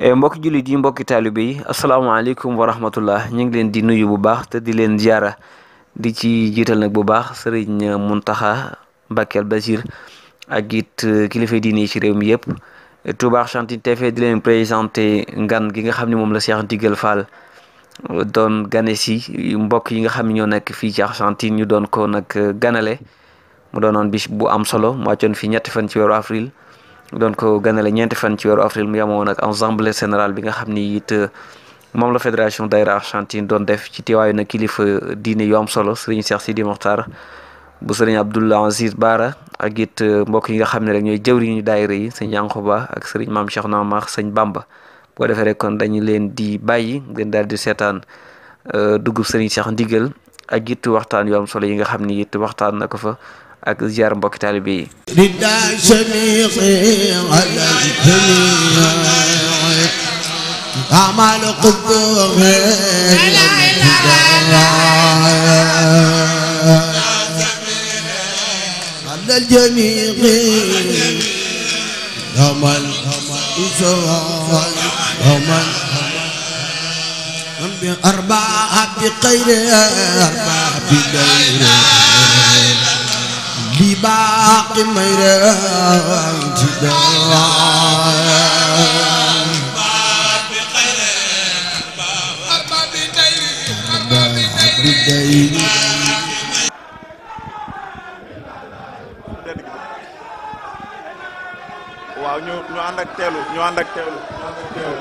Eh, mbokki jullit yi mbokki taalu yi asalaamaaleykum wa rahmatullah ñu ngi leen di nuyu bu baax te di leen ziara di ci jiital nag bu baax sëriñ Muntaxa Mbàkke Basiir ak it eh, kilifa diine yi ci réew mi yëpp eh, Touba Argentine TV di leen présenté ngan gi nga xam ne moom la Cheikh Ndigal Fall doon gane si mbokk yi nga xam ne ñoo nekk fii ci Argentine ñu doon ko nag ganale mu doonoon bis bu am solo mu wàccoon fi ñetti fan ci weeru avril donc ko ganale ñeenti fan ci weeru avril mu yemoon ak ensemble général bi nga xam ni it euh, moom la fédération daayira Argentine doon def ci teewaayu na kilifa diine yu am solo sëriñ Cheikh Sidi Mokhtar bu sëriñ Abdoul Aziz Baara ak it euh, mbokk yi nga xam ne rek ñooy jëwriñu daayira yi sëñ ba ak sëriñ maam Cheikh Namar sëñ Bamba boo defee rek kon dañu leen di bàyyi ngeen daal di seetaan euh, dugub sëriñ Cheikh Ndigal ak it waxtaan yu am solo yi nga xam ni it waxtaan na fa. ak ziar mbokk taalibe yi أربعة بخير أربعة بخير بباقي ميران جدار waaw ñu ñu ànd ak teelu ñu ànd ak teelu ñu ànd ak teelu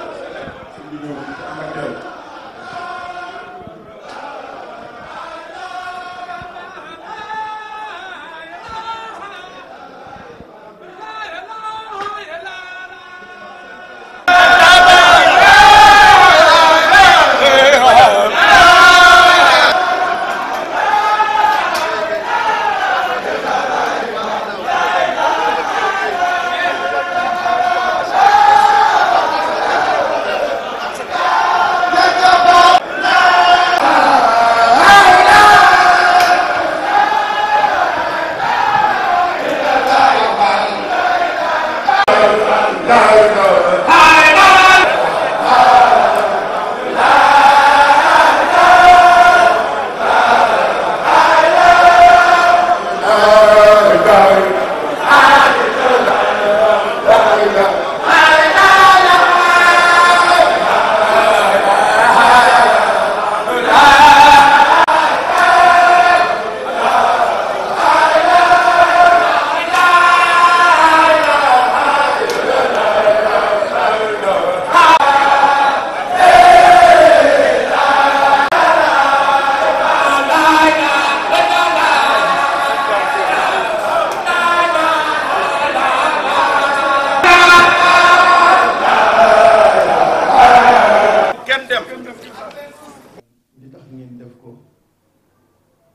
ngeen def ko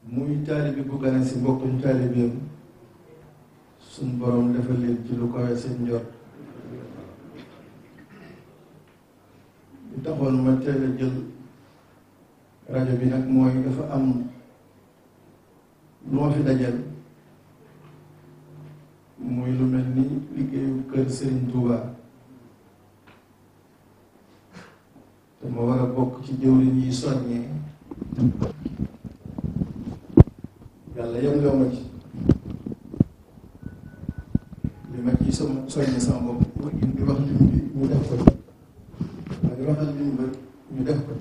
muy taalibi bu gane si mbokkum taalibeem suñ borom dafa leen ci lu koy seen njot lu taxoon ma teel jël rajo bi nag mooy dafa am lu ma fi dajal muy lu mel ni liggéeyu kër Serigne Touba te ma war a bokk ci jëwriñ yi soññee yàlla yem loo ma ci li ma ci sama soññi sama bopp di wax li ñu def ko li ñu bëgg ñu def ko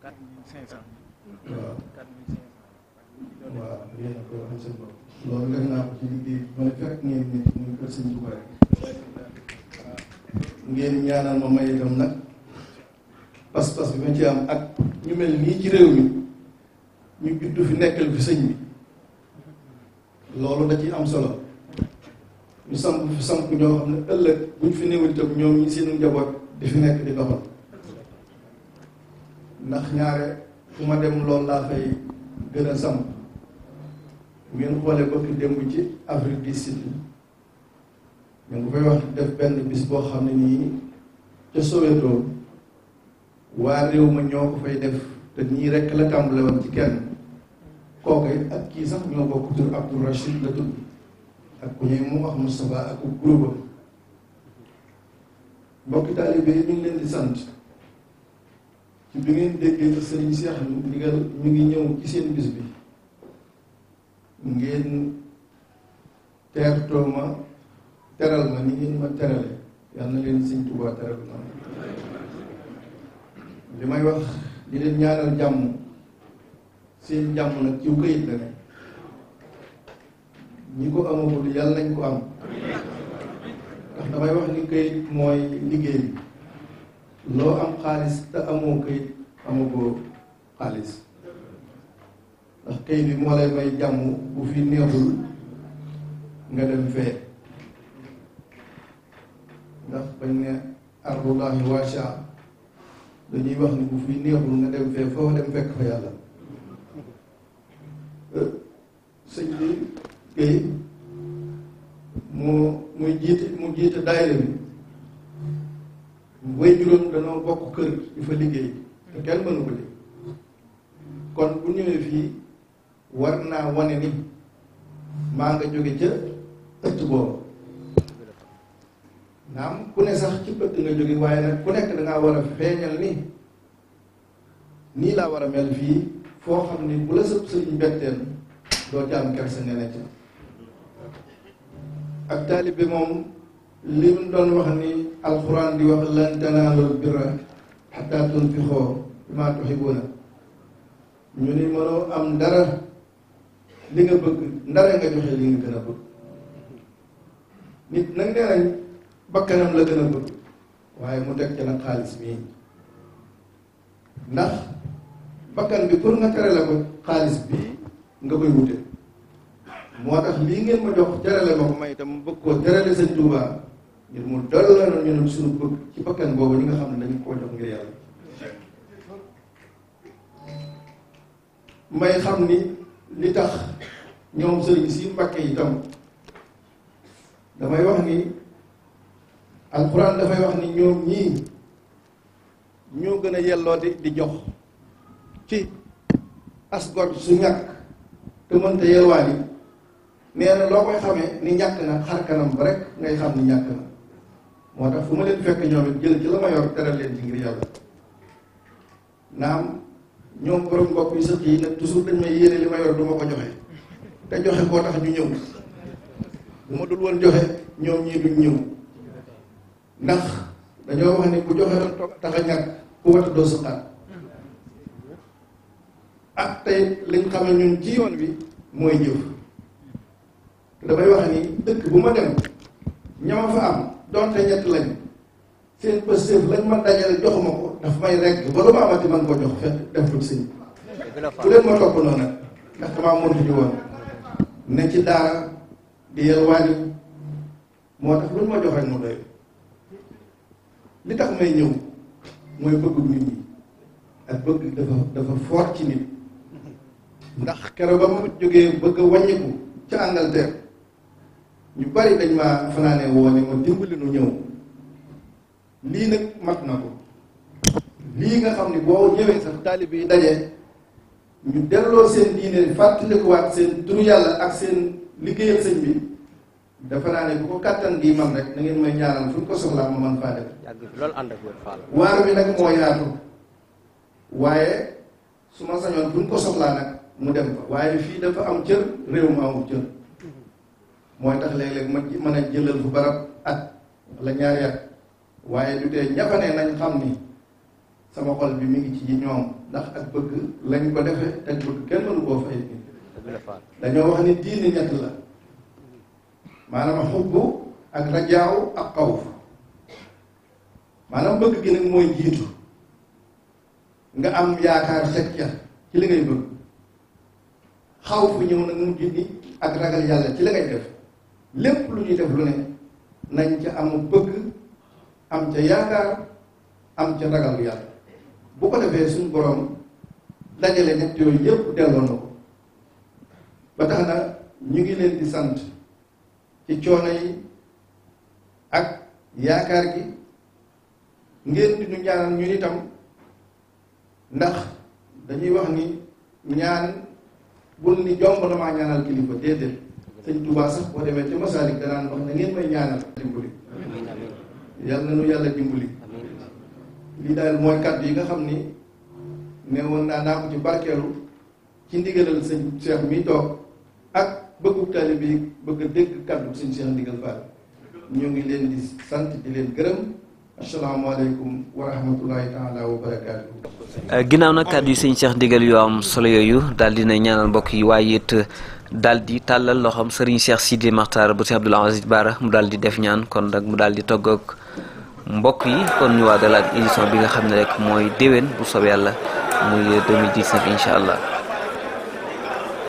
quatre mille cinq cent waaw waaw yéen a ko waxal seen bopp loolu def naa ko ci liggéey ma ne fekk ngeen ne muy kër sëñ Tuubaa ngeen ñaanal ma may itam nag pas-pas bi ma ci am ak ñu mel nii ci réew mi ñu juddu fi nekkal fi sëñ bi loolu da ciy am solo ñu samp fi samp ñoo xam ne ëllëg bu ñu fi néewal ñoom ñi seenu njaboot di fi nekk di doxal ndax ñaare fu ma dem loolu laa fay gën a samp ngeen xoolee ko démb ci Afrique du Sud ñu ngi koy wax def benn bis boo xam ne nii ca Soweto waa réew ma ñoo ko fay def te nii rek la tàmbale woon ci kenn kooku ak kii sax ñoo bokk tur Abdou Rachid la tudd ak ku ñuy mu wax Moustapha ak groupe mbokki taalibe yi ñu ngi leen di sant ci bi ngeen déggee sëriñ Seex ndigal mi ngi ñëw ci seen bis bi ngeen teertoo ma teral ma ni ngeen ma terale yàlla na leen sëñ Tuubaa teral ma li may wax di leen ñaanal jàmm seen jàmm nag ciw kayit la ne ñi ko amagul yàlla nañ ko am ndax damay wax ni kayit mooy liggéey bi loo am xaalis te amoo kayit amagoo xaalis ndax kayit bi moo lay may jàmm bu fi neexul nga dem fee ndax bañ ne ardullahi waasa dañuy wax ni bu fi neexul nga dem fee foo dem fekk fa yàlla euh, sëñ bi kay moo muy jiite mu jiite daayira bi way juróom danoo bokk kër di fa liggéey te kenn mënu ko kon bu ñëwee fii war naa wane ni maa nga jóge ca ëtt boobu naam ku ne sax ci pëtt nga jóge waaye nag ku nekk da war a feeñal ni nii laa war a mel fii foo xam ni bu la sëb sëriñ betteen doo ci am kersa nga nekk ak taalib bi moom li mu doon wax ni alxuraan di wax lan tanaalul birra xataa tunfiqoo bimaa tuxibuuna ñu ni mënoo am dara li nga bëgg ndara nga joxe li nga gën a bëgg nit nag nee nañ bakkanam la gën a bëgg waaye mu teg ci nag xaalis mii ndax bakkan bi pour nga tere la ko xaalis bi nga koy wute moo tax lii ngeen ma jox terale ma ko may itam mu bëgg koo terale sëñ Tuubaa ngir mu dollaloon ñu ne suñu bëgg ci bakkan boobu ñi nga xam ne dañu koo jox ngir yàlla may xam ni li tax ñoom sëriñ si Mbàkke itam damay wax ni alxuraan dafay wax ni ñoom ñii ñoo gën a yellooti di jox ci asgor su ñàkk te mënta yelwaan yi nee loo koy xamee ni ñàkk na xar kanam ba rek ngay xam ni ñàkk na moo tax fu ma leen fekk ñoom jël ci la ma yor teral leen ci ngir yàlla naam ñoom borom mbokk yu sëq yi nag toujours dañ may yéene li ma yor du ko joxe te joxe koo tax ñu ñëw bu ma dul woon joxe ñoom ñii duñ ñëw ndax dañoo wax ne ku joxe tax a ñàkk ku wat doo saqaat ak ah, tey liñ xamal ñun ci yoon bi mooy jëf damay wax ni dëkk bu ma dem ñama fa am doonte ñett lañ seen pëstéef lañ ma dajale jox ma ko daf may rekk ba ma amati man ko jox fekk def ko sëñ bu leen ma topp noonu nag ndax damaa mënut di woon ne ci daara di yelwaani moo tax lu ma jox rek mu doy li tax may ñëw mooy bëgg nit ñi ak bëgg dafa dafa fort ci nit ndax keroog ba mu jógee bëgg a ca Angleterre ñu bari dañ ma fanaane woo ne ma dimbali nu ñëw lii nag mat na ko lii nga xam ni boo ñëwee sax taalibe yi daje ñu delloo seen diine fàttalikuwaat seen turu yàlla ak seen liggéeyal sëñ bi dafa naa ne bu ko kattan gii man rek na ngeen may ñaanal fu ñu ko soxlaa ma man faa def. waar bi nag moo yaatu waaye su ma sañoon fu ñu ko soxlaa nag mu dem fa waaye fii dafa am cër réew ma amul cër mooy tax léeg-léeg ma mën a jëlal fu barab at la ñaari waaye du tee ña fa ne nañ xam ni sama xol bi mu ngi ci ñoom ndax ak bëgg lañ ko defee te bëgg kenn mënu koo fay. dañoo wax ni diini ñett la. maanaam xubbu ak rajaaw ak xawf maanaam bëgg gi nag mooy jiitu nga am yaakaar teg ca ci li ngay bëgg xaw fu ñëw nag mu jiit ak ragal yàlla ci li ngay def lépp lu ñuy def lu ne nañ ca amu bëgg am ca yaakaar am ca ragal yàlla bu ko defee suñu boroom dajale ñett yooyu yépp delloon na ba tax na ñu ngi leen di sant ci coono yi ak yaakaar gi ngeen di ñu ñaanal ñun ndax dañuy wax ni ñaan bul ni jomb na maa ñaanal kilifa déedéet sëñ Tuubaa sax boo demee ci masaalik danaan wax na ngeen may ñaanal dimbali yàlla na nu yàlla dimbali lii daal mooy kàddu yi nga xam ni ne woon naa naa ko ci barkeelu ci ndigalal sëñ Cheikh mi toog ak bëggu taalibe yi bëgg a dégg kàddu sëñ Cheikh Ndigal Fall ñu ngi leen di sant di leen gërëm asalaamaaleykum wa rahmatulahi taala wa barakaatu. Euh, ginnaaw nag kàddu yi sëñ Cheikh Ndigal yu am solo yooyu daal di na ñaanal mbokk yi waaye it daal di tàllal loxoom sëriñ Cheikh Sidi Maxtaar bu Sëriñ Abdoul Aziz Bara mu daal di def ñaan kon nag mu daal di togg ak mbokk yi kon ñu waajal ak édition bi nga xam ne rek mooy déwén bu soobee yàlla muy 2019 incha allah.